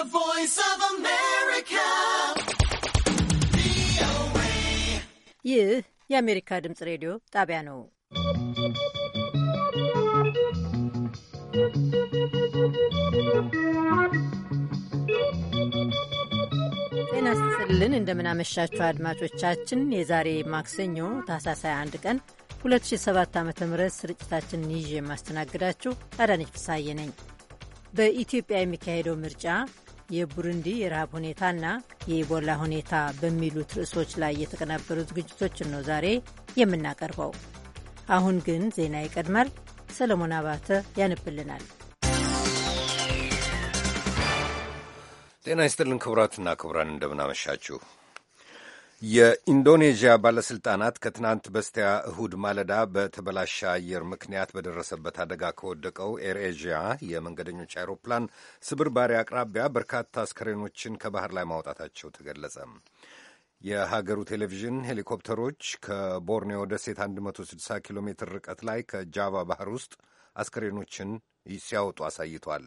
The Voice of America. ይህ የአሜሪካ ድምፅ ሬዲዮ ጣቢያ ነው። ጤና ስጥልን፣ እንደምናመሻችሁ አድማጮቻችን። የዛሬ ማክሰኞ ታህሳስ 21 ቀን 2007 ዓ ም ስርጭታችንን ይዤ የማስተናግዳችሁ አዳነች ፍሳዬ ነኝ። በኢትዮጵያ የሚካሄደው ምርጫ የቡሩንዲ የረሃብ ሁኔታና የኢቦላ ሁኔታ በሚሉት ርዕሶች ላይ የተቀናበሩ ዝግጅቶችን ነው ዛሬ የምናቀርበው። አሁን ግን ዜና ይቀድማል። ሰለሞን አባተ ያነብልናል። ጤና ይስጥልን ክቡራትና ክቡራን፣ እንደምናመሻችሁ። የኢንዶኔዥያ ባለሥልጣናት ከትናንት በስቲያ እሁድ ማለዳ በተበላሸ አየር ምክንያት በደረሰበት አደጋ ከወደቀው ኤርኤዥያ የመንገደኞች አይሮፕላን ስብርባሪ አቅራቢያ በርካታ አስከሬኖችን ከባህር ላይ ማውጣታቸው ተገለጸ። የሀገሩ ቴሌቪዥን ሄሊኮፕተሮች ከቦርኔዮ ደሴት 160 ኪሎ ሜትር ርቀት ላይ ከጃቫ ባህር ውስጥ አስከሬኖችን ሲያወጡ አሳይቷል።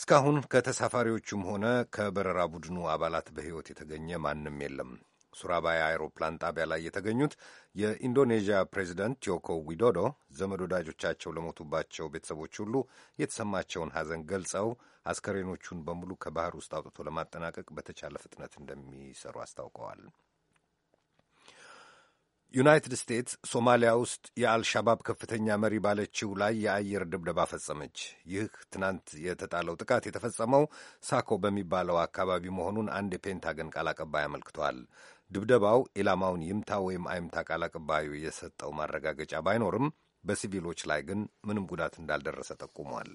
እስካሁን ከተሳፋሪዎቹም ሆነ ከበረራ ቡድኑ አባላት በሕይወት የተገኘ ማንም የለም። ሱራባያ አይሮፕላን ጣቢያ ላይ የተገኙት የኢንዶኔዥያ ፕሬዚደንት ቲዮኮ ዊዶዶ ዘመድ ወዳጆቻቸው ለሞቱባቸው ቤተሰቦች ሁሉ የተሰማቸውን ሐዘን ገልጸው አስከሬኖቹን በሙሉ ከባህር ውስጥ አውጥቶ ለማጠናቀቅ በተቻለ ፍጥነት እንደሚሰሩ አስታውቀዋል። ዩናይትድ ስቴትስ ሶማሊያ ውስጥ የአልሻባብ ከፍተኛ መሪ ባለችው ላይ የአየር ድብደባ ፈጸመች። ይህ ትናንት የተጣለው ጥቃት የተፈጸመው ሳኮ በሚባለው አካባቢ መሆኑን አንድ የፔንታገን ቃል አቀባይ አመልክቷል። ድብደባው ኢላማውን ይምታ ወይም አይምታ ቃል አቀባዩ የሰጠው ማረጋገጫ ባይኖርም በሲቪሎች ላይ ግን ምንም ጉዳት እንዳልደረሰ ጠቁሟል።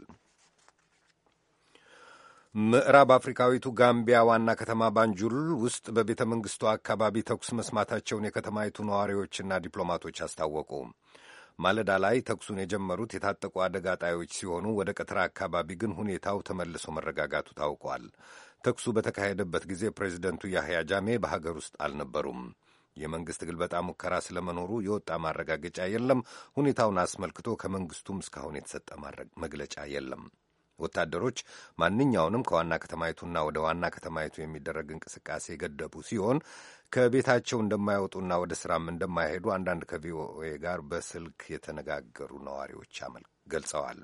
ምዕራብ አፍሪካዊቱ ጋምቢያ ዋና ከተማ ባንጁል ውስጥ በቤተ መንግሥቱ አካባቢ ተኩስ መስማታቸውን የከተማይቱ ነዋሪዎችና ዲፕሎማቶች አስታወቁ። ማለዳ ላይ ተኩሱን የጀመሩት የታጠቁ አደጋ ጣዮች ሲሆኑ ወደ ቀትራ አካባቢ ግን ሁኔታው ተመልሶ መረጋጋቱ ታውቋል። ተኩሱ በተካሄደበት ጊዜ ፕሬዚደንቱ ያህያ ጃሜ በሀገር ውስጥ አልነበሩም። የመንግሥት ግልበጣ ሙከራ ስለመኖሩ የወጣ ማረጋገጫ የለም። ሁኔታውን አስመልክቶ ከመንግሥቱም እስካሁን የተሰጠ መግለጫ የለም። ወታደሮች ማንኛውንም ከዋና ከተማይቱና ወደ ዋና ከተማይቱ የሚደረግ እንቅስቃሴ የገደቡ ሲሆን ከቤታቸው እንደማይወጡና ወደ ስራም እንደማይሄዱ አንዳንድ ከቪኦኤ ጋር በስልክ የተነጋገሩ ነዋሪዎች ገልጸዋል።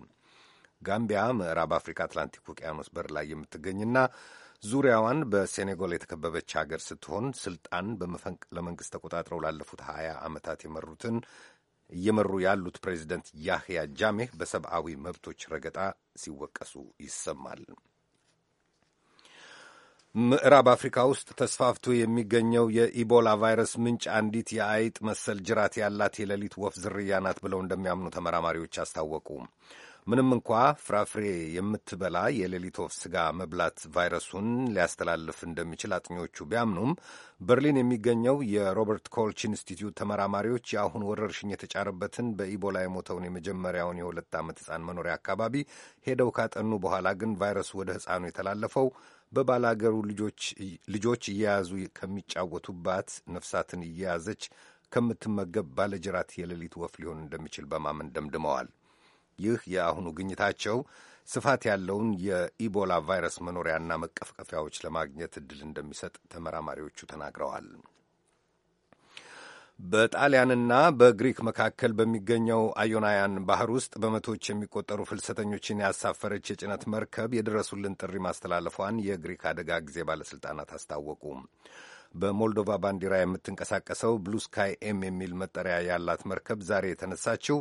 ጋምቢያ ምዕራብ አፍሪካ አትላንቲክ ውቅያኖስ በር ላይ የምትገኝና ዙሪያዋን በሴኔጎል የተከበበች ሀገር ስትሆን ስልጣን በመፈንቅለ መንግሥት ተቆጣጥረው ላለፉት ሀያ ዓመታት የመሩትን እየመሩ ያሉት ፕሬዚደንት ያህያ ጃሜህ በሰብአዊ መብቶች ረገጣ ሲወቀሱ ይሰማል። ምዕራብ አፍሪካ ውስጥ ተስፋፍቶ የሚገኘው የኢቦላ ቫይረስ ምንጭ አንዲት የአይጥ መሰል ጅራት ያላት የሌሊት ወፍ ዝርያ ናት ብለው እንደሚያምኑ ተመራማሪዎች አስታወቁ። ምንም እንኳ ፍራፍሬ የምትበላ የሌሊት ወፍ ስጋ መብላት ቫይረሱን ሊያስተላልፍ እንደሚችል አጥኚዎቹ ቢያምኑም በርሊን የሚገኘው የሮበርት ኮልች ኢንስቲትዩት ተመራማሪዎች የአሁን ወረርሽኝ የተጫረበትን በኢቦላ የሞተውን የመጀመሪያውን የሁለት ዓመት ሕፃን መኖሪያ አካባቢ ሄደው ካጠኑ በኋላ ግን ቫይረሱ ወደ ሕፃኑ የተላለፈው በባላገሩ ልጆች እየያዙ ከሚጫወቱባት ነፍሳትን እየያዘች ከምትመገብ ባለጅራት የሌሊት ወፍ ሊሆን እንደሚችል በማመን ደምድመዋል። ይህ የአሁኑ ግኝታቸው ስፋት ያለውን የኢቦላ ቫይረስ መኖሪያና መቀፍቀፊያዎች ለማግኘት እድል እንደሚሰጥ ተመራማሪዎቹ ተናግረዋል። በጣሊያንና በግሪክ መካከል በሚገኘው አዮናያን ባህር ውስጥ በመቶዎች የሚቆጠሩ ፍልሰተኞችን ያሳፈረች የጭነት መርከብ የድረሱልን ጥሪ ማስተላለፏን የግሪክ አደጋ ጊዜ ባለሥልጣናት አስታወቁ። በሞልዶቫ ባንዲራ የምትንቀሳቀሰው ብሉስካይ ኤም የሚል መጠሪያ ያላት መርከብ ዛሬ የተነሳችው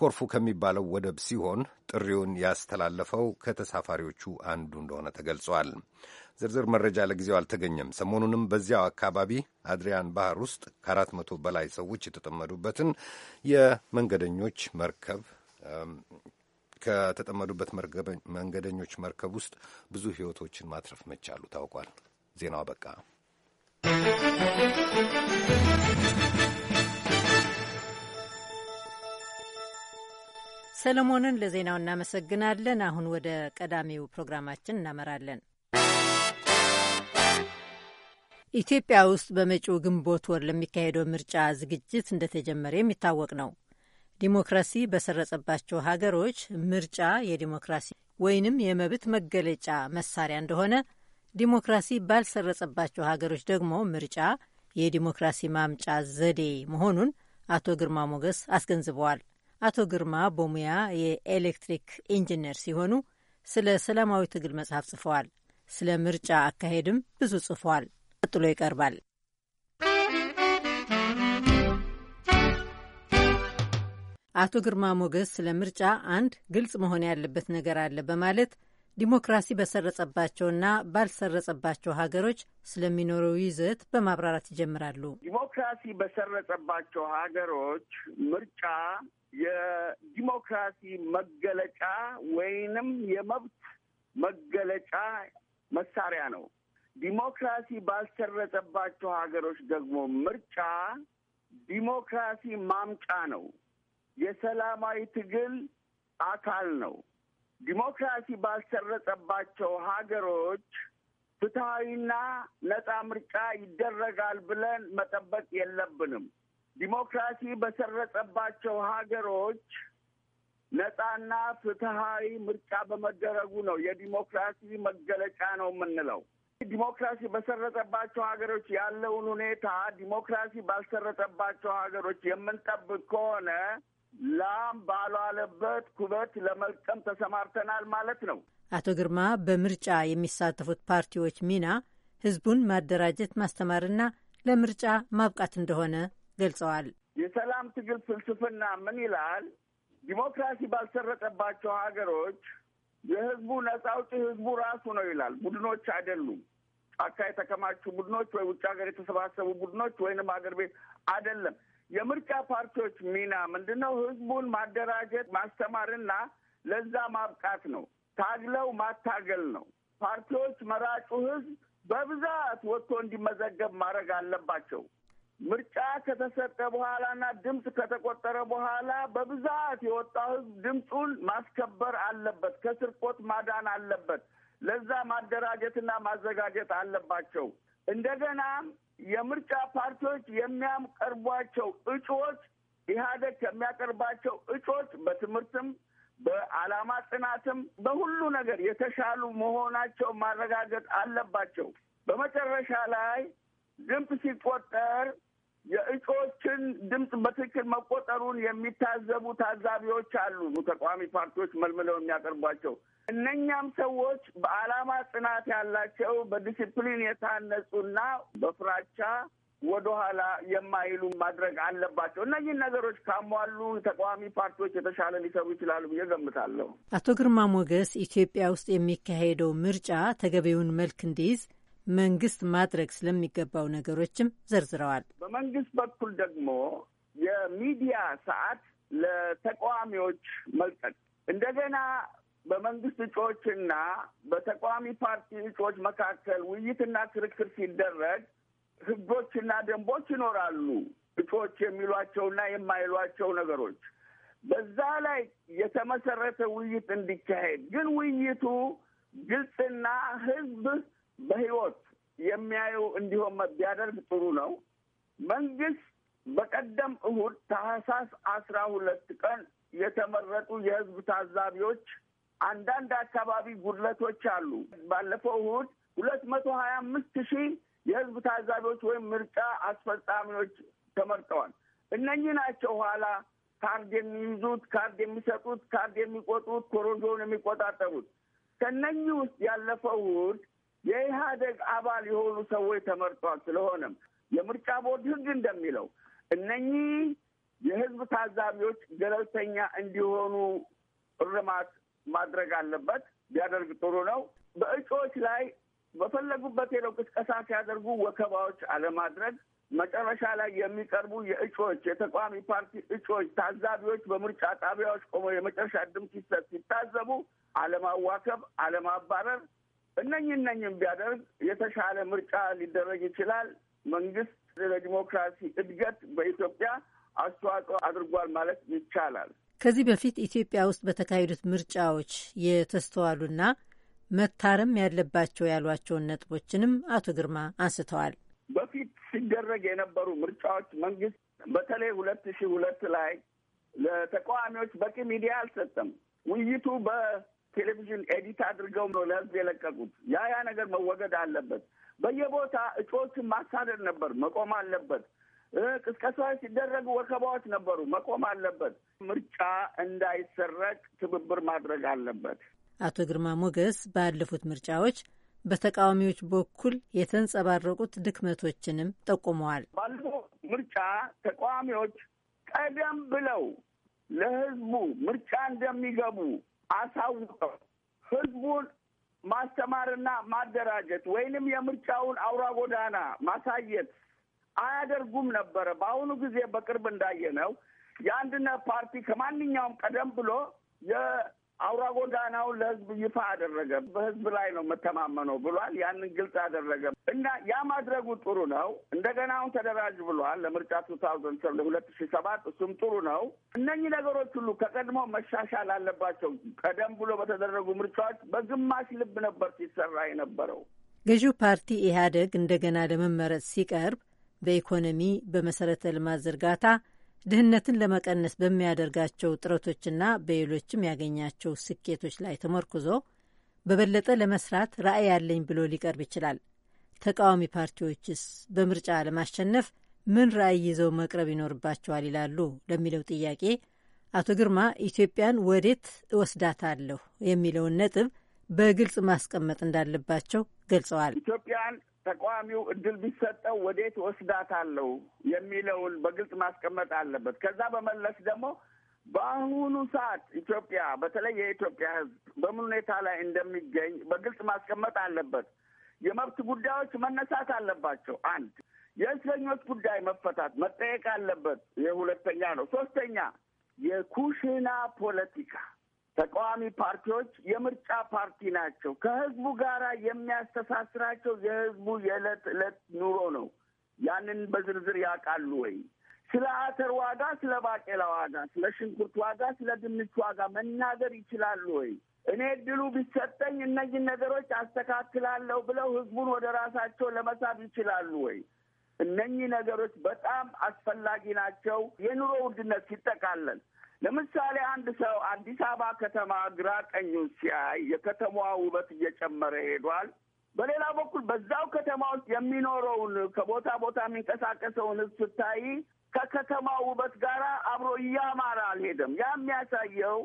ኮርፉ ከሚባለው ወደብ ሲሆን ጥሪውን ያስተላለፈው ከተሳፋሪዎቹ አንዱ እንደሆነ ተገልጿል። ዝርዝር መረጃ ለጊዜው አልተገኘም። ሰሞኑንም በዚያው አካባቢ አድሪያን ባህር ውስጥ ከአራት መቶ በላይ ሰዎች የተጠመዱበትን የመንገደኞች መርከብ ከተጠመዱበት መንገደኞች መርከብ ውስጥ ብዙ ሕይወቶችን ማትረፍ መቻሉ ታውቋል። ዜናው አበቃ። ሰለሞንን ለዜናው እናመሰግናለን። አሁን ወደ ቀዳሚው ፕሮግራማችን እናመራለን። ኢትዮጵያ ውስጥ በመጪው ግንቦት ወር ለሚካሄደው ምርጫ ዝግጅት እንደተጀመረ የሚታወቅ ነው። ዲሞክራሲ በሰረጸባቸው ሀገሮች ምርጫ የዲሞክራሲ ወይንም የመብት መገለጫ መሳሪያ እንደሆነ፣ ዲሞክራሲ ባልሰረጸባቸው ሀገሮች ደግሞ ምርጫ የዲሞክራሲ ማምጫ ዘዴ መሆኑን አቶ ግርማ ሞገስ አስገንዝበዋል። አቶ ግርማ በሙያ የኤሌክትሪክ ኢንጂነር ሲሆኑ ስለ ሰላማዊ ትግል መጽሐፍ ጽፈዋል። ስለ ምርጫ አካሄድም ብዙ ጽፈዋል ቀጥሎ ይቀርባል። አቶ ግርማ ሞገስ ስለ ምርጫ አንድ ግልጽ መሆን ያለበት ነገር አለ በማለት ዲሞክራሲ በሰረጸባቸውና ባልሰረጸባቸው ሀገሮች ስለሚኖረው ይዘት በማብራራት ይጀምራሉ። ዲሞክራሲ በሰረጸባቸው ሀገሮች ምርጫ የዲሞክራሲ መገለጫ ወይንም የመብት መገለጫ መሳሪያ ነው። ዲሞክራሲ ባልሰረጸባቸው ሀገሮች ደግሞ ምርጫ ዲሞክራሲ ማምጫ ነው፣ የሰላማዊ ትግል አካል ነው። ዲሞክራሲ ባልሰረጸባቸው ሀገሮች ፍትሐዊና ነፃ ምርጫ ይደረጋል ብለን መጠበቅ የለብንም። ዲሞክራሲ በሰረጸባቸው ሀገሮች ነፃና ፍትሐዊ ምርጫ በመደረጉ ነው የዲሞክራሲ መገለጫ ነው የምንለው። ዲሞክራሲ በሰረጸባቸው ሀገሮች ያለውን ሁኔታ ዲሞክራሲ ባልሰረጸባቸው ሀገሮች የምንጠብቅ ከሆነ ላም ባሏለበት ኩበት ለመልቀም ተሰማርተናል ማለት ነው። አቶ ግርማ በምርጫ የሚሳተፉት ፓርቲዎች ሚና ህዝቡን ማደራጀት ማስተማርና ለምርጫ ማብቃት እንደሆነ ገልጸዋል። የሰላም ትግል ፍልስፍና ምን ይላል? ዲሞክራሲ ባልሰረጠባቸው ሀገሮች የህዝቡ ነጻ አውጪ ህዝቡ ራሱ ነው ይላል። ቡድኖች አይደሉም። ጫካ የተከማቹ ቡድኖች ወይ ውጭ ሀገር የተሰባሰቡ ቡድኖች ወይንም ሀገር ቤት አይደለም። የምርጫ ፓርቲዎች ሚና ምንድን ነው? ህዝቡን ማደራጀት ማስተማርና ለዛ ማብቃት ነው። ታግለው ማታገል ነው። ፓርቲዎች መራጩ ህዝብ በብዛት ወጥቶ እንዲመዘገብ ማድረግ አለባቸው። ምርጫ ከተሰጠ በኋላና ድምፅ ከተቆጠረ በኋላ በብዛት የወጣ ህዝብ ድምፁን ማስከበር አለበት። ከስርቆት ማዳን አለበት። ለዛ ማደራጀትና ማዘጋጀት አለባቸው። እንደገና የምርጫ ፓርቲዎች የሚያቀርቧቸው እጩዎች ኢህአደግ ከሚያቀርባቸው እጩዎች በትምህርትም በዓላማ ጥናትም በሁሉ ነገር የተሻሉ መሆናቸው ማረጋገጥ አለባቸው። በመጨረሻ ላይ ድምፅ ሲቆጠር የእጩዎችን ድምፅ በትክክል መቆጠሩን የሚታዘቡ ታዛቢዎች አሉ። ተቃዋሚ ፓርቲዎች መልምለው የሚያቀርቧቸው እነኛም ሰዎች በዓላማ ጽናት ያላቸው በዲሲፕሊን የታነጹና በፍራቻ ወደኋላ የማይሉ ማድረግ አለባቸው። እነዚህን ነገሮች ካሟሉ ተቃዋሚ ፓርቲዎች የተሻለ ሊሰሩ ይችላሉ ብዬ ገምታለሁ። አቶ ግርማ ሞገስ ኢትዮጵያ ውስጥ የሚካሄደው ምርጫ ተገቢውን መልክ እንዲይዝ መንግስት ማድረግ ስለሚገባው ነገሮችም ዘርዝረዋል። በመንግስት በኩል ደግሞ የሚዲያ ሰዓት ለተቃዋሚዎች መልቀቅ እንደገና በመንግስት እጩዎችና በተቃዋሚ ፓርቲ እጩዎች መካከል ውይይትና ክርክር ሲደረግ ህጎችና ደንቦች ይኖራሉ። እጩዎች የሚሏቸውና የማይሏቸው ነገሮች በዛ ላይ የተመሰረተ ውይይት እንዲካሄድ ግን ውይይቱ ግልጽና ህዝብ በህይወት የሚያዩ እንዲሆን ቢያደርግ ጥሩ ነው። መንግስት በቀደም እሁድ ታህሳስ አስራ ሁለት ቀን የተመረጡ የህዝብ ታዛቢዎች አንዳንድ አካባቢ ጉድለቶች አሉ። ባለፈው እሁድ ሁለት መቶ ሀያ አምስት ሺህ የህዝብ ታዛቢዎች ወይም ምርጫ አስፈጻሚዎች ተመርጠዋል። እነኚህ ናቸው ኋላ ካርድ የሚይዙት፣ ካርድ የሚሰጡት፣ ካርድ የሚቆጡት ኮሮጆውን የሚቆጣጠሩት። ከእነኚህ ውስጥ ያለፈው እሁድ የኢህአደግ አባል የሆኑ ሰዎች ተመርጠዋል። ስለሆነም የምርጫ ቦርድ ህግ እንደሚለው እነኚህ የህዝብ ታዛቢዎች ገለልተኛ እንዲሆኑ እርማት ማድረግ አለበት። ቢያደርግ ጥሩ ነው። በእጩዎች ላይ በፈለጉበት ሄደው ቅስቀሳ ሲያደርጉ ወከባዎች አለማድረግ፣ መጨረሻ ላይ የሚቀርቡ የእጩዎች የተቃዋሚ ፓርቲ እጩዎች ታዛቢዎች በምርጫ ጣቢያዎች ቆመው የመጨረሻ ድምፅ ሲሰጥ ሲታዘቡ አለማዋከብ፣ አለማባረር እነኝ እነኝም ቢያደርግ የተሻለ ምርጫ ሊደረግ ይችላል። መንግስት ለዲሞክራሲ እድገት በኢትዮጵያ አስተዋጽኦ አድርጓል ማለት ይቻላል። ከዚህ በፊት ኢትዮጵያ ውስጥ በተካሄዱት ምርጫዎች የተስተዋሉና መታረም ያለባቸው ያሏቸውን ነጥቦችንም አቶ ግርማ አንስተዋል። በፊት ሲደረግ የነበሩ ምርጫዎች መንግስት በተለይ ሁለት ሺህ ሁለት ላይ ለተቃዋሚዎች በቂ ሚዲያ አልሰጠም። ውይይቱ በቴሌቪዥን ኤዲት አድርገው ነው ለህዝብ የለቀቁት። ያ ያ ነገር መወገድ አለበት። በየቦታ እጩዎችን ማሳደድ ነበር፣ መቆም አለበት። ቅስቀሳ ሲደረጉ ወከባዎች ነበሩ። መቆም አለበት። ምርጫ እንዳይሰረቅ ትብብር ማድረግ አለበት። አቶ ግርማ ሞገስ ባለፉት ምርጫዎች በተቃዋሚዎች በኩል የተንጸባረቁት ድክመቶችንም ጠቁመዋል። ባለፈው ምርጫ ተቃዋሚዎች ቀደም ብለው ለህዝቡ ምርጫ እንደሚገቡ አሳውቀው ህዝቡን ማስተማርና ማደራጀት ወይንም የምርጫውን አውራ ጎዳና ማሳየት አያደርጉም ነበረ። በአሁኑ ጊዜ በቅርብ እንዳየ ነው የአንድነት ፓርቲ ከማንኛውም ቀደም ብሎ የአውራ ጎዳናውን ለህዝብ ይፋ አደረገ። በህዝብ ላይ ነው መተማመነው ብሏል። ያንን ግልጽ አደረገ እና ያ ማድረጉ ጥሩ ነው። እንደገና አሁን ተደራጅ ብሏል ለምርጫ ቱ ታውዘንድ ለሁለት ሺ ሰባት እሱም ጥሩ ነው። እነኚህ ነገሮች ሁሉ ከቀድሞ መሻሻል አለባቸው። ቀደም ብሎ በተደረጉ ምርጫዎች በግማሽ ልብ ነበር ሲሰራ የነበረው። ገዢው ፓርቲ ኢህአደግ እንደገና ለመመረጥ ሲቀርብ በኢኮኖሚ በመሰረተ ልማት ዝርጋታ፣ ድህነትን ለመቀነስ በሚያደርጋቸው ጥረቶችና በሌሎችም ያገኛቸው ስኬቶች ላይ ተመርኩዞ በበለጠ ለመስራት ራዕይ ያለኝ ብሎ ሊቀርብ ይችላል። ተቃዋሚ ፓርቲዎችስ በምርጫ ለማሸነፍ ምን ራዕይ ይዘው መቅረብ ይኖርባቸዋል ይላሉ ለሚለው ጥያቄ አቶ ግርማ ኢትዮጵያን ወዴት እወስዳታለሁ የሚለውን ነጥብ በግልጽ ማስቀመጥ እንዳለባቸው ገልጸዋል። ኢትዮጵያን ተቃዋሚው እድል ቢሰጠው ወዴት ወስዳታለሁ የሚለውን በግልጽ ማስቀመጥ አለበት። ከዛ በመለስ ደግሞ በአሁኑ ሰዓት ኢትዮጵያ በተለይ የኢትዮጵያ ሕዝብ በምን ሁኔታ ላይ እንደሚገኝ በግልጽ ማስቀመጥ አለበት። የመብት ጉዳዮች መነሳት አለባቸው። አንድ የእስረኞች ጉዳይ መፈታት መጠየቅ አለበት። የሁለተኛ ነው። ሶስተኛ የኩሽና ፖለቲካ ተቃዋሚ ፓርቲዎች የምርጫ ፓርቲ ናቸው። ከህዝቡ ጋር የሚያስተሳስራቸው የህዝቡ የዕለት ዕለት ኑሮ ነው። ያንን በዝርዝር ያውቃሉ ወይ? ስለ አተር ዋጋ፣ ስለ ባቄላ ዋጋ፣ ስለ ሽንኩርት ዋጋ፣ ስለ ድንች ዋጋ መናገር ይችላሉ ወይ? እኔ እድሉ ቢሰጠኝ እነዚህን ነገሮች አስተካክላለሁ ብለው ህዝቡን ወደ ራሳቸው ለመሳብ ይችላሉ ወይ? እነኚህ ነገሮች በጣም አስፈላጊ ናቸው። የኑሮ ውድነት ሲጠቃለል ለምሳሌ አንድ ሰው አዲስ አበባ ከተማ ግራ ቀኙን ሲያይ የከተማዋ ውበት እየጨመረ ሄዷል። በሌላ በኩል በዛው ከተማ ውስጥ የሚኖረውን ከቦታ ቦታ የሚንቀሳቀሰውን ሕዝብ ስታይ ከከተማ ውበት ጋር አብሮ እያማረ አልሄደም። ያ የሚያሳየው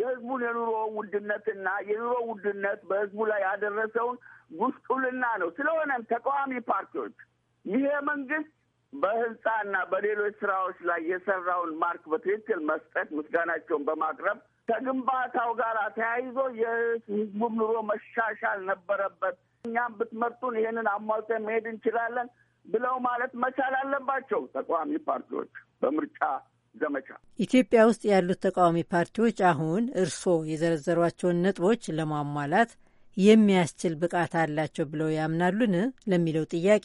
የህዝቡን የኑሮ ውድነትና የኑሮ ውድነት በህዝቡ ላይ ያደረሰውን ጉስጡልና ነው። ስለሆነም ተቃዋሚ ፓርቲዎች ይሄ መንግስት በህንፃ እና በሌሎች ስራዎች ላይ የሰራውን ማርክ በትክክል መስጠት፣ ምስጋናቸውን በማቅረብ ከግንባታው ጋር ተያይዞ የህዝቡም ኑሮ መሻሻል ነበረበት፣ እኛም ብትመርጡን ይህንን አሟልተን መሄድ እንችላለን ብለው ማለት መቻል አለባቸው ተቃዋሚ ፓርቲዎች በምርጫ ዘመቻ። ኢትዮጵያ ውስጥ ያሉት ተቃዋሚ ፓርቲዎች አሁን እርስዎ የዘረዘሯቸውን ነጥቦች ለማሟላት የሚያስችል ብቃት አላቸው ብለው ያምናሉን? ለሚለው ጥያቄ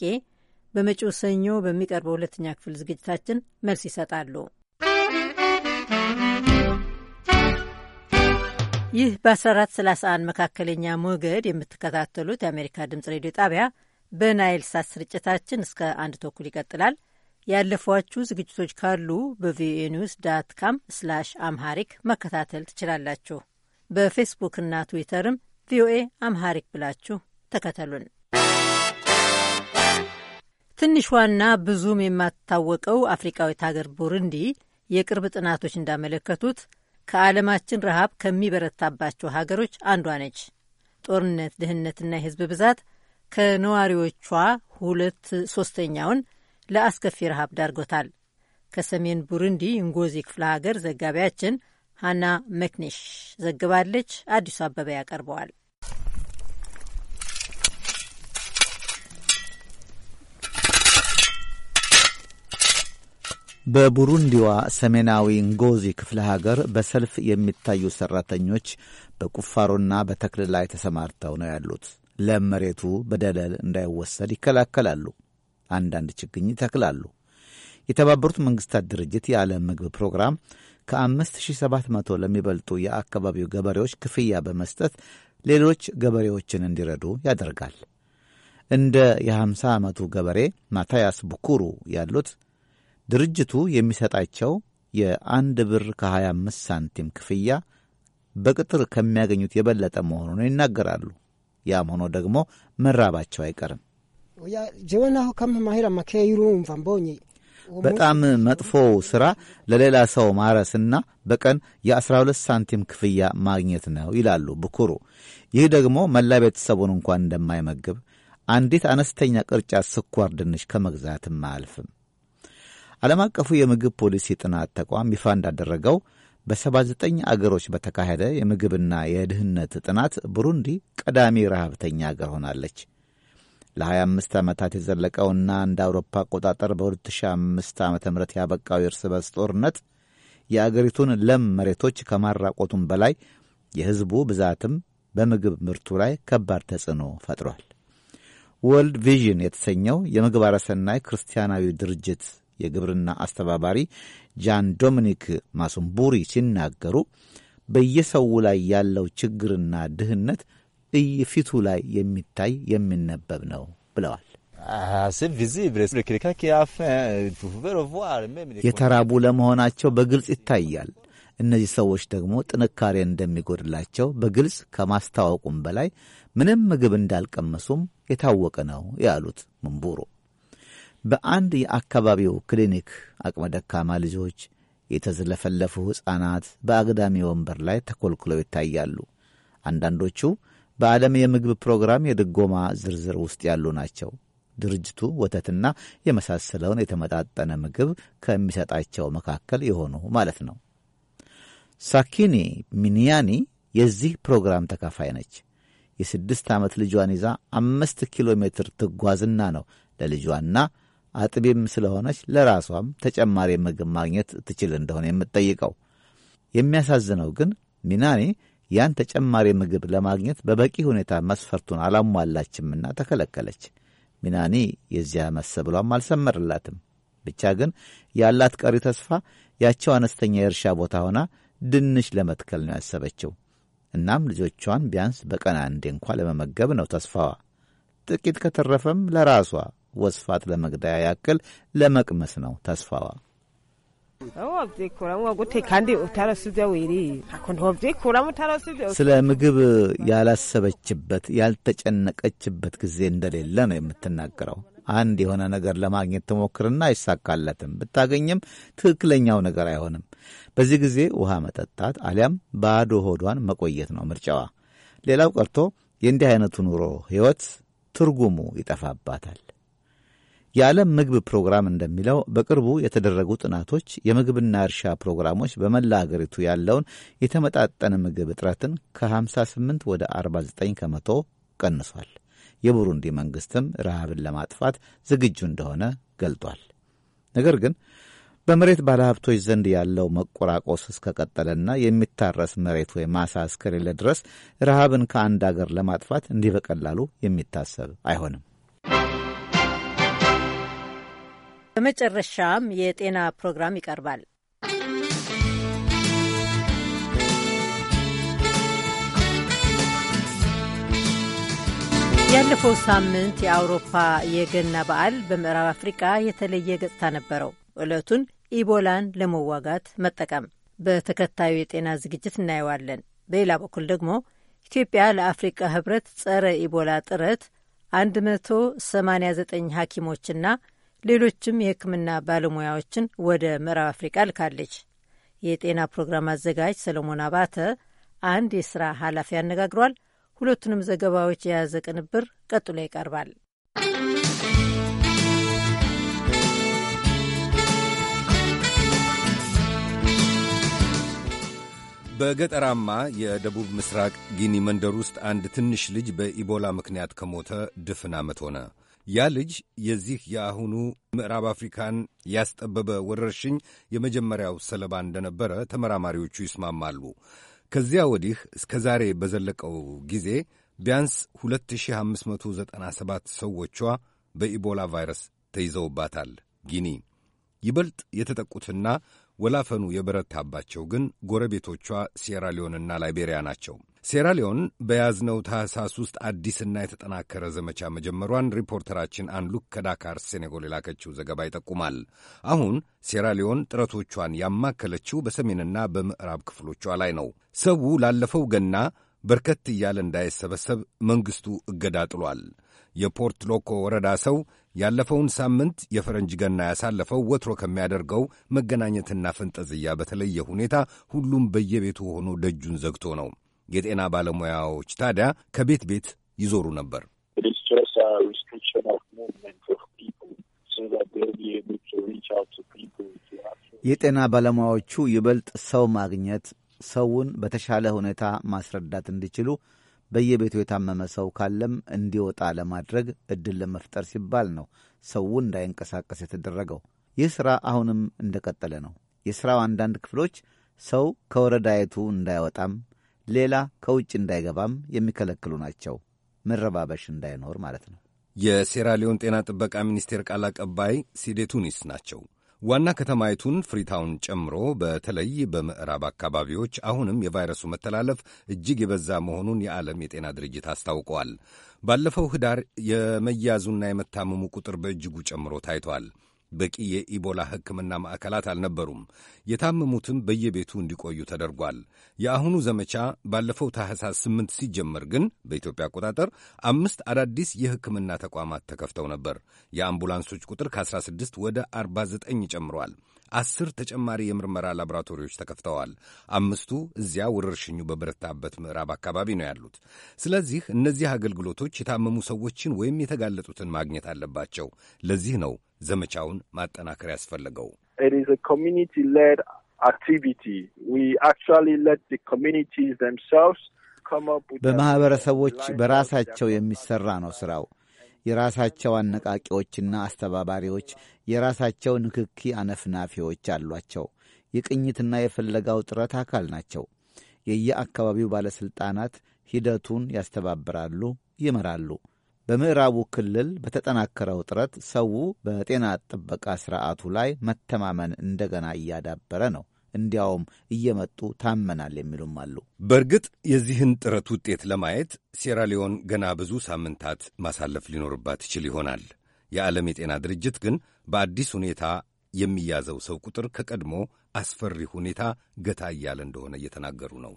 በመጪው ሰኞ በሚቀርበው ሁለተኛ ክፍል ዝግጅታችን መልስ ይሰጣሉ። ይህ በ1431 መካከለኛ ሞገድ የምትከታተሉት የአሜሪካ ድምፅ ሬዲዮ ጣቢያ በናይል ሳት ስርጭታችን እስከ አንድ ተኩል ይቀጥላል። ያለፏችሁ ዝግጅቶች ካሉ በቪኦኤ ኒውስ ዳት ካም ስላሽ አምሃሪክ መከታተል ትችላላችሁ። በፌስቡክና ትዊተርም ቪኦኤ አምሃሪክ ብላችሁ ተከተሉን። ትንሿና ብዙም የማትታወቀው አፍሪካዊት ሀገር ቡሩንዲ የቅርብ ጥናቶች እንዳመለከቱት ከዓለማችን ረሃብ ከሚበረታባቸው ሀገሮች አንዷ ነች። ጦርነት፣ ድህነትና የህዝብ ብዛት ከነዋሪዎቿ ሁለት ሶስተኛውን ለአስከፊ ረሃብ ዳርጎታል። ከሰሜን ቡሩንዲ እንጎዚ ክፍለ ሀገር ዘጋቢያችን ሀና መክኔሽ ዘግባለች። አዲሱ አበበ ያቀርበዋል። በቡሩንዲዋ ሰሜናዊ ንጎዚ ክፍለ ሀገር በሰልፍ የሚታዩ ሠራተኞች በቁፋሮና በተክል ላይ ተሰማርተው ነው ያሉት። ለም መሬቱ በደለል እንዳይወሰድ ይከላከላሉ። አንዳንድ ችግኝ ይተክላሉ። የተባበሩት መንግሥታት ድርጅት የዓለም ምግብ ፕሮግራም ከ5700 ለሚበልጡ የአካባቢው ገበሬዎች ክፍያ በመስጠት ሌሎች ገበሬዎችን እንዲረዱ ያደርጋል። እንደ የ50 ዓመቱ ገበሬ ማታያስ ቡኩሩ ያሉት ድርጅቱ የሚሰጣቸው የአንድ ብር ከ25 ሳንቲም ክፍያ በቅጥር ከሚያገኙት የበለጠ መሆኑን ይናገራሉ። ያም ሆኖ ደግሞ መራባቸው አይቀርም። በጣም መጥፎ ሥራ ለሌላ ሰው ማረስና በቀን የ12 ሳንቲም ክፍያ ማግኘት ነው ይላሉ ብኩሩ። ይህ ደግሞ መላ ቤተሰቡን እንኳን እንደማይመግብ አንዲት አነስተኛ ቅርጫት ስኳር ድንች ከመግዛትም አያልፍም። ዓለም አቀፉ የምግብ ፖሊሲ ጥናት ተቋም ይፋ እንዳደረገው በ79 አገሮች በተካሄደ የምግብና የድህነት ጥናት ብሩንዲ ቀዳሚ ረሃብተኛ አገር ሆናለች። ለ25 ዓመታት የዘለቀውና እንደ አውሮፓ አቆጣጠር በ2005 ዓ ም ያበቃው የእርስ በርስ ጦርነት የአገሪቱን ለም መሬቶች ከማራቆቱም በላይ የሕዝቡ ብዛትም በምግብ ምርቱ ላይ ከባድ ተጽዕኖ ፈጥሯል። ወርልድ ቪዥን የተሰኘው የምግባረ ሰናይ ክርስቲያናዊ ድርጅት የግብርና አስተባባሪ ጃን ዶሚኒክ ማሱምቡሪ ሲናገሩ በየሰው ላይ ያለው ችግርና ድህነት እይፊቱ ላይ የሚታይ የሚነበብ ነው ብለዋል። የተራቡ ለመሆናቸው በግልጽ ይታያል። እነዚህ ሰዎች ደግሞ ጥንካሬ እንደሚጎድላቸው በግልጽ ከማስታወቁም በላይ ምንም ምግብ እንዳልቀመሱም የታወቀ ነው ያሉት ምንቡሮ በአንድ የአካባቢው ክሊኒክ አቅመ ደካማ ልጆች፣ የተዝለፈለፉ ሕፃናት በአግዳሚ ወንበር ላይ ተኮልኩለው ይታያሉ። አንዳንዶቹ በዓለም የምግብ ፕሮግራም የድጎማ ዝርዝር ውስጥ ያሉ ናቸው። ድርጅቱ ወተትና የመሳሰለውን የተመጣጠነ ምግብ ከሚሰጣቸው መካከል የሆኑ ማለት ነው። ሳኪኒ ሚኒያኒ የዚህ ፕሮግራም ተካፋይ ነች። የስድስት ዓመት ልጇን ይዛ አምስት ኪሎ ሜትር ትጓዝና ነው ለልጇና አጥቢም ስለሆነች ለራሷም ተጨማሪ ምግብ ማግኘት ትችል እንደሆነ የምትጠይቀው። የሚያሳዝነው ግን ሚናኔ ያን ተጨማሪ ምግብ ለማግኘት በበቂ ሁኔታ መስፈርቱን አላሟላችምና ተከለከለች። ሚናኒ የዚያ መሰብሏም አልሰመርላትም። ብቻ ግን ያላት ቀሪ ተስፋ ያቸው አነስተኛ የእርሻ ቦታ ሆና ድንች ለመትከል ነው ያሰበችው። እናም ልጆቿን ቢያንስ በቀን አንዴ እንኳ ለመመገብ ነው ተስፋዋ። ጥቂት ከተረፈም ለራሷ ወስፋት ለመግደያ ያክል ለመቅመስ ነው ተስፋዋ። ስለ ምግብ ያላሰበችበት ያልተጨነቀችበት ጊዜ እንደሌለ ነው የምትናገረው። አንድ የሆነ ነገር ለማግኘት ትሞክርና አይሳካለትም። ብታገኝም ትክክለኛው ነገር አይሆንም። በዚህ ጊዜ ውሃ መጠጣት አሊያም ባዶ ሆዷን መቆየት ነው ምርጫዋ። ሌላው ቀርቶ የእንዲህ አይነቱ ኑሮ ሕይወት ትርጉሙ ይጠፋባታል። የዓለም ምግብ ፕሮግራም እንደሚለው በቅርቡ የተደረጉ ጥናቶች የምግብና እርሻ ፕሮግራሞች በመላ አገሪቱ ያለውን የተመጣጠነ ምግብ እጥረትን ከ58 ወደ 49 ከመቶ ቀንሷል። የቡሩንዲ መንግሥትም ረሃብን ለማጥፋት ዝግጁ እንደሆነ ገልጧል። ነገር ግን በመሬት ባለሀብቶች ዘንድ ያለው መቆራቆስ እስከቀጠለና የሚታረስ መሬት ወይም ማሳ እስከሌለ ድረስ ረሃብን ከአንድ አገር ለማጥፋት እንዲህ በቀላሉ የሚታሰብ አይሆንም። በመጨረሻም የጤና ፕሮግራም ይቀርባል። ያለፈው ሳምንት የአውሮፓ የገና በዓል በምዕራብ አፍሪቃ የተለየ ገጽታ ነበረው። ዕለቱን ኢቦላን ለመዋጋት መጠቀም በተከታዩ የጤና ዝግጅት እናየዋለን። በሌላ በኩል ደግሞ ኢትዮጵያ ለአፍሪቃ ህብረት ጸረ ኢቦላ ጥረት 189 ሐኪሞችና ሌሎችም የሕክምና ባለሙያዎችን ወደ ምዕራብ አፍሪቃ ልካለች። የጤና ፕሮግራም አዘጋጅ ሰለሞን አባተ አንድ የሥራ ኃላፊ ያነጋግሯል። ሁለቱንም ዘገባዎች የያዘ ቅንብር ቀጥሎ ይቀርባል። በገጠራማ የደቡብ ምስራቅ ጊኒ መንደር ውስጥ አንድ ትንሽ ልጅ በኢቦላ ምክንያት ከሞተ ድፍን ዓመት ሆነ። ያ ልጅ የዚህ የአሁኑ ምዕራብ አፍሪካን ያስጠበበ ወረርሽኝ የመጀመሪያው ሰለባ እንደነበረ ተመራማሪዎቹ ይስማማሉ። ከዚያ ወዲህ እስከ ዛሬ በዘለቀው ጊዜ ቢያንስ 2597 ሰዎቿ በኢቦላ ቫይረስ ተይዘውባታል ጊኒ። ይበልጥ የተጠቁትና ወላፈኑ የበረታባቸው ግን ጎረቤቶቿ ሴራሊዮንና ላይቤሪያ ናቸው። ሴራሊዮን በያዝነው ታህሳስ ውስጥ አዲስና የተጠናከረ ዘመቻ መጀመሯን ሪፖርተራችን አንሉክ ከዳካር ሴኔጎል የላከችው ዘገባ ይጠቁማል። አሁን ሴራሊዮን ጥረቶቿን ያማከለችው በሰሜንና በምዕራብ ክፍሎቿ ላይ ነው። ሰው ላለፈው ገና በርከት እያለ እንዳይሰበሰብ መንግሥቱ እገዳ ጥሏል። የፖርት ሎኮ ወረዳ ሰው ያለፈውን ሳምንት የፈረንጅ ገና ያሳለፈው ወትሮ ከሚያደርገው መገናኘትና ፈንጠዝያ በተለየ ሁኔታ ሁሉም በየቤቱ ሆኖ ደጁን ዘግቶ ነው። የጤና ባለሙያዎች ታዲያ ከቤት ቤት ይዞሩ ነበር። የጤና ባለሙያዎቹ ይበልጥ ሰው ማግኘት፣ ሰውን በተሻለ ሁኔታ ማስረዳት እንዲችሉ በየቤቱ የታመመ ሰው ካለም እንዲወጣ ለማድረግ እድል ለመፍጠር ሲባል ነው ሰው እንዳይንቀሳቀስ የተደረገው። ይህ ሥራ አሁንም እንደቀጠለ ነው። የሥራው አንዳንድ ክፍሎች ሰው ከወረዳይቱ እንዳይወጣም ሌላ ከውጭ እንዳይገባም የሚከለክሉ ናቸው። መረባበሽ እንዳይኖር ማለት ነው። የሴራሊዮን ጤና ጥበቃ ሚኒስቴር ቃል አቀባይ ሲዴቱኒስ ቱኒስ ናቸው። ዋና ከተማይቱን ፍሪታውን ጨምሮ በተለይ በምዕራብ አካባቢዎች አሁንም የቫይረሱ መተላለፍ እጅግ የበዛ መሆኑን የዓለም የጤና ድርጅት አስታውቀዋል። ባለፈው ኅዳር የመያዙና የመታመሙ ቁጥር በእጅጉ ጨምሮ ታይቷል። በቂ የኢቦላ ሕክምና ማዕከላት አልነበሩም። የታመሙትም በየቤቱ እንዲቆዩ ተደርጓል። የአሁኑ ዘመቻ ባለፈው ታህሳስ ስምንት ሲጀመር ግን በኢትዮጵያ አቆጣጠር አምስት አዳዲስ የሕክምና ተቋማት ተከፍተው ነበር። የአምቡላንሶች ቁጥር ከ16 ወደ 49 ጨምሯል። አስር ተጨማሪ የምርመራ ላቦራቶሪዎች ተከፍተዋል። አምስቱ እዚያ ወረርሽኙ በበረታበት ምዕራብ አካባቢ ነው ያሉት። ስለዚህ እነዚህ አገልግሎቶች የታመሙ ሰዎችን ወይም የተጋለጡትን ማግኘት አለባቸው። ለዚህ ነው ዘመቻውን ማጠናከር ያስፈለገው? ኮሚኒቲ ሌድ አክቲቪቲ በማኅበረሰቦች በራሳቸው የሚሠራ ነው ሥራው። የራሳቸው አነቃቂዎችና አስተባባሪዎች፣ የራሳቸው ንክኪ አነፍናፊዎች አሏቸው። የቅኝትና የፍለጋው ጥረት አካል ናቸው። የየአካባቢው ባለሥልጣናት ሂደቱን ያስተባብራሉ፣ ይመራሉ። በምዕራቡ ክልል በተጠናከረው ጥረት ሰው በጤና ጥበቃ ስርዓቱ ላይ መተማመን እንደገና እያዳበረ ነው። እንዲያውም እየመጡ ታመናል የሚሉም አሉ። በእርግጥ የዚህን ጥረት ውጤት ለማየት ሴራሊዮን ገና ብዙ ሳምንታት ማሳለፍ ሊኖርባት ይችል ይሆናል። የዓለም የጤና ድርጅት ግን በአዲስ ሁኔታ የሚያዘው ሰው ቁጥር ከቀድሞ አስፈሪ ሁኔታ ገታ እያለ እንደሆነ እየተናገሩ ነው።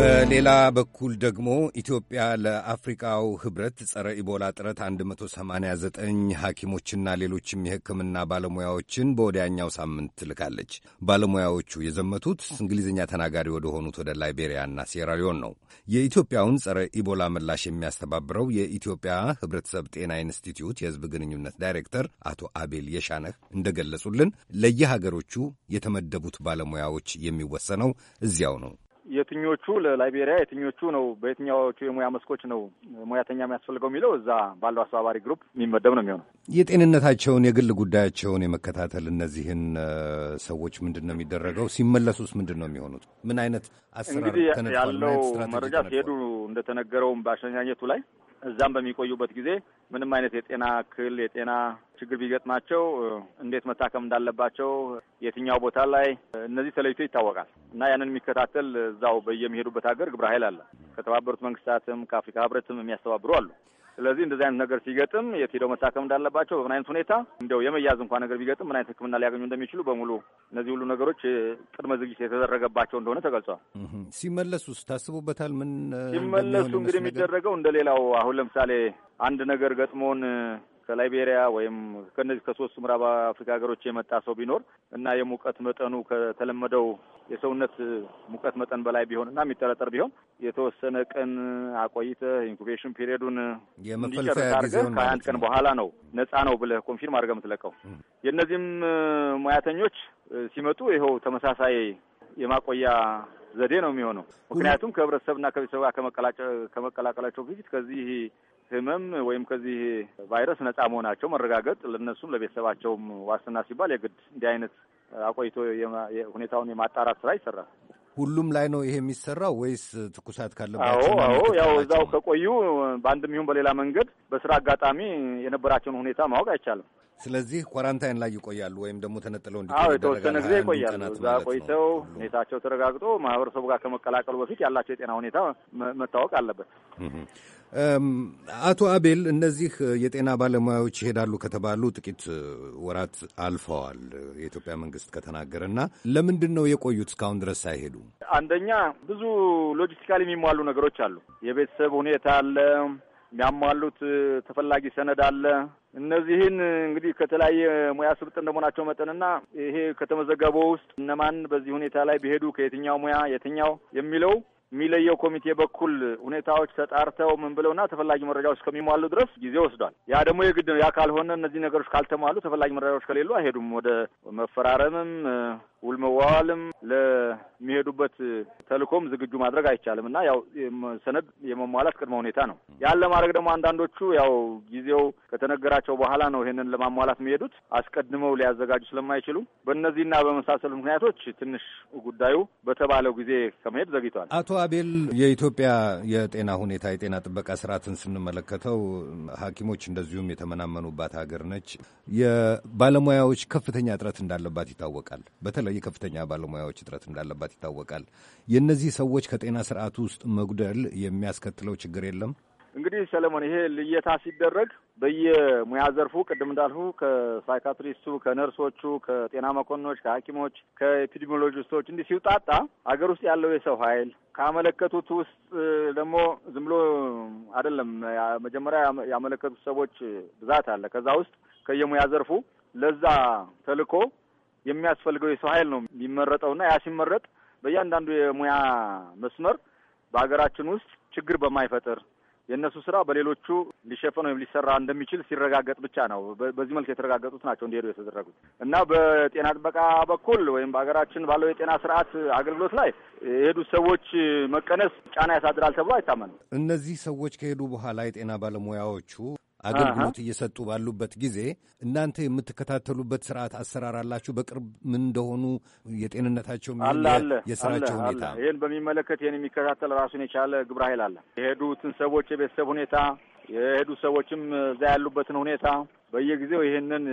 በሌላ በኩል ደግሞ ኢትዮጵያ ለአፍሪካው ህብረት ጸረ ኢቦላ ጥረት 189 ሐኪሞችና ሌሎችም የሕክምና ባለሙያዎችን በወዲያኛው ሳምንት ትልካለች። ባለሙያዎቹ የዘመቱት እንግሊዝኛ ተናጋሪ ወደ ሆኑት ወደ ላይቤሪያና ሴራሊዮን ነው። የኢትዮጵያውን ጸረ ኢቦላ ምላሽ የሚያስተባብረው የኢትዮጵያ ህብረተሰብ ጤና ኢንስቲትዩት የህዝብ ግንኙነት ዳይሬክተር አቶ አቤል የሻነህ እንደገለጹልን ለየሀገሮቹ የተመደቡት ባለሙያዎች የሚወሰነው እዚያው ነው የትኞቹ ለላይቤሪያ የትኞቹ ነው በየትኛዎቹ የሙያ መስኮች ነው ሙያተኛ የሚያስፈልገው የሚለው እዛ ባለው አስተባባሪ ግሩፕ የሚመደብ ነው የሚሆነው። የጤንነታቸውን፣ የግል ጉዳያቸውን የመከታተል እነዚህን ሰዎች ምንድን ነው የሚደረገው? ሲመለሱስ ምንድን ነው የሚሆኑት? ምን አይነት አሰራር ያለው መረጃ ሲሄዱ እንደተነገረውም በአሸኛኘቱ ላይ እዛም በሚቆዩበት ጊዜ ምንም አይነት የጤና እክል የጤና ችግር ቢገጥማቸው እንዴት መታከም እንዳለባቸው የትኛው ቦታ ላይ እነዚህ ተለይቶ ይታወቃል እና ያንን የሚከታተል እዛው በየሚሄዱበት ሀገር ግብረ ኃይል አለ። ከተባበሩት መንግስታትም ከአፍሪካ ህብረትም የሚያስተባብሩ አሉ። ስለዚህ እንደዚህ አይነት ነገር ሲገጥም የት ሄደው መታከም እንዳለባቸው በምን አይነት ሁኔታ እንደው የመያዝ እንኳን ነገር ቢገጥም ምን አይነት ሕክምና ሊያገኙ እንደሚችሉ በሙሉ እነዚህ ሁሉ ነገሮች ቅድመ ዝግጅት የተደረገባቸው እንደሆነ ተገልጿል። ሲመለሱስ ታስቡበታል? ምን ሲመለሱ እንግዲህ የሚደረገው እንደ ሌላው አሁን ለምሳሌ አንድ ነገር ገጥሞን ከላይቤሪያ ወይም ከነዚህ ከሶስቱ ምዕራብ አፍሪካ ሀገሮች የመጣ ሰው ቢኖር እና የሙቀት መጠኑ ከተለመደው የሰውነት ሙቀት መጠን በላይ ቢሆን እና የሚጠረጠር ቢሆን የተወሰነ ቀን አቆይተህ ኢንኩቤሽን ፔሪዱን እንዲጨርስ አድርገህ ከሀያ አንድ ቀን በኋላ ነው ነፃ ነው ብለህ ኮንፊርም አድርገህ የምትለቀው። የእነዚህም ሙያተኞች ሲመጡ ይኸው ተመሳሳይ የማቆያ ዘዴ ነው የሚሆነው። ምክንያቱም ከህብረተሰብና ከቤተሰብ ጋር ከመቀላቀላቸው በፊት ከዚህ ህመም ወይም ከዚህ ቫይረስ ነፃ መሆናቸው መረጋገጥ ለእነሱም ለቤተሰባቸውም ዋስትና ሲባል የግድ እንዲህ አይነት አቆይቶ ሁኔታውን የማጣራት ስራ ይሰራል። ሁሉም ላይ ነው ይሄ የሚሰራው ወይስ ትኩሳት ካለባቸው? አዎ ያው እዛው ከቆዩ በአንድም ይሁን በሌላ መንገድ በስራ አጋጣሚ የነበራቸውን ሁኔታ ማወቅ አይቻልም። ስለዚህ ኳራንታይን ላይ ይቆያሉ ወይም ደግሞ ተነጥለው እንዲ የተወሰነ ጊዜ ይቆያሉ። እዛ ቆይተው ሁኔታቸው ተረጋግጦ ማህበረሰቡ ጋር ከመቀላቀሉ በፊት ያላቸው የጤና ሁኔታ መታወቅ አለበት። አቶ አቤል እነዚህ የጤና ባለሙያዎች ይሄዳሉ ከተባሉ ጥቂት ወራት አልፈዋል፣ የኢትዮጵያ መንግስት ከተናገረ እና ለምንድን ነው የቆዩት እስካሁን ድረስ ሳይሄዱ? አንደኛ ብዙ ሎጂስቲካል የሚሟሉ ነገሮች አሉ። የቤተሰብ ሁኔታ አለ፣ የሚያሟሉት ተፈላጊ ሰነድ አለ። እነዚህን እንግዲህ ከተለያየ ሙያ ስብጥ እንደመሆናቸው መጠንና ይሄ ከተመዘገበው ውስጥ እነማን በዚህ ሁኔታ ላይ ቢሄዱ ከየትኛው ሙያ የትኛው የሚለው የሚለየው ኮሚቴ በኩል ሁኔታዎች ተጣርተው ምን ብለውና ተፈላጊ መረጃዎች እስከሚሟሉ ድረስ ጊዜ ወስዷል። ያ ደግሞ የግድ ነው። ያ ካልሆነ እነዚህ ነገሮች ካልተሟሉ ተፈላጊ መረጃዎች ከሌሉ አይሄዱም። ወደ መፈራረምም ውል መዋዋልም ለሚሄዱበት ተልእኮም ዝግጁ ማድረግ አይቻልም እና ያው ሰነድ የመሟላት ቅድመ ሁኔታ ነው። ያን ለማድረግ ደግሞ አንዳንዶቹ ያው ጊዜው ከተነገራቸው በኋላ ነው ይሄንን ለማሟላት የሚሄዱት አስቀድመው ሊያዘጋጁ ስለማይችሉ በእነዚህና በመሳሰሉ ምክንያቶች ትንሽ ጉዳዩ በተባለው ጊዜ ከመሄድ ዘግይቷል። አቶ አቤል የኢትዮጵያ የጤና ሁኔታ የጤና ጥበቃ ስርዓትን ስንመለከተው ሐኪሞች እንደዚሁም የተመናመኑባት ሀገር ነች። የባለሙያዎች ከፍተኛ እጥረት እንዳለባት ይታወቃል። በተለ በተለይ ከፍተኛ ባለሙያዎች እጥረት እንዳለባት ይታወቃል። የእነዚህ ሰዎች ከጤና ስርዓቱ ውስጥ መጉደል የሚያስከትለው ችግር የለም። እንግዲህ ሰለሞን፣ ይሄ ልየታ ሲደረግ በየሙያ ዘርፉ ቅድም እንዳልሁ ከሳይካትሪስቱ፣ ከነርሶቹ፣ ከጤና መኮንኖች፣ ከሐኪሞች፣ ከኤፒዲሚዮሎጂስቶች እንዲህ ሲውጣጣ አገር ውስጥ ያለው የሰው ኃይል ካመለከቱት ውስጥ ደግሞ ዝም ብሎ አይደለም። መጀመሪያ ያመለከቱት ሰዎች ብዛት አለ። ከዛ ውስጥ ከየሙያ ዘርፉ ለዛ ተልዕኮ የሚያስፈልገው የሰው ኃይል ነው የሚመረጠውና ያ ሲመረጥ በእያንዳንዱ የሙያ መስመር በሀገራችን ውስጥ ችግር በማይፈጥር የእነሱ ስራ በሌሎቹ ሊሸፈን ወይም ሊሰራ እንደሚችል ሲረጋገጥ ብቻ ነው። በዚህ መልክ የተረጋገጡት ናቸው እንዲሄዱ የተደረጉት እና በጤና ጥበቃ በኩል ወይም በሀገራችን ባለው የጤና ስርዓት አገልግሎት ላይ የሄዱ ሰዎች መቀነስ ጫና ያሳድራል ተብሎ አይታመንም። እነዚህ ሰዎች ከሄዱ በኋላ የጤና ባለሙያዎቹ አገልግሎት እየሰጡ ባሉበት ጊዜ እናንተ የምትከታተሉበት ስርዓት አሰራር አላችሁ? በቅርብ ምን እንደሆኑ የጤንነታቸው የስራቸው ሁኔታ ይህን በሚመለከት ይህን የሚከታተል ራሱን የቻለ ግብረ ኃይል አለ። የሄዱትን ሰዎች የቤተሰብ ሁኔታ የሄዱ ሰዎችም እዛ ያሉበትን ሁኔታ በየጊዜው ይህንን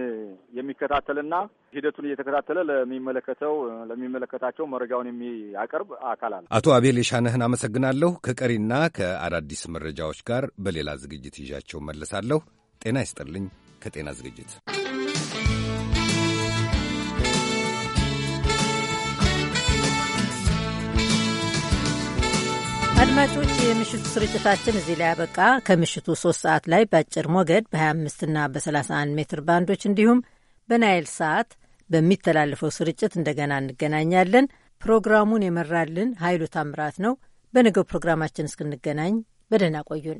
የሚከታተልና ሂደቱን እየተከታተለ ለሚመለከተው ለሚመለከታቸው መረጃውን የሚያቀርብ አካል አለ። አቶ አቤል የሻነህን አመሰግናለሁ። ከቀሪና ከአዳዲስ መረጃዎች ጋር በሌላ ዝግጅት ይዣቸው መለሳለሁ። ጤና ይስጥልኝ። ከጤና ዝግጅት አድማጮች የምሽቱ ስርጭታችን እዚህ ላይ ያበቃ። ከምሽቱ ሶስት ሰዓት ላይ በአጭር ሞገድ በ25 እና በ31 ሜትር ባንዶች እንዲሁም በናይል ሰዓት በሚተላለፈው ስርጭት እንደገና እንገናኛለን። ፕሮግራሙን የመራልን ኃይሉ ታምራት ነው። በነገው ፕሮግራማችን እስክንገናኝ በደህና ቆዩን።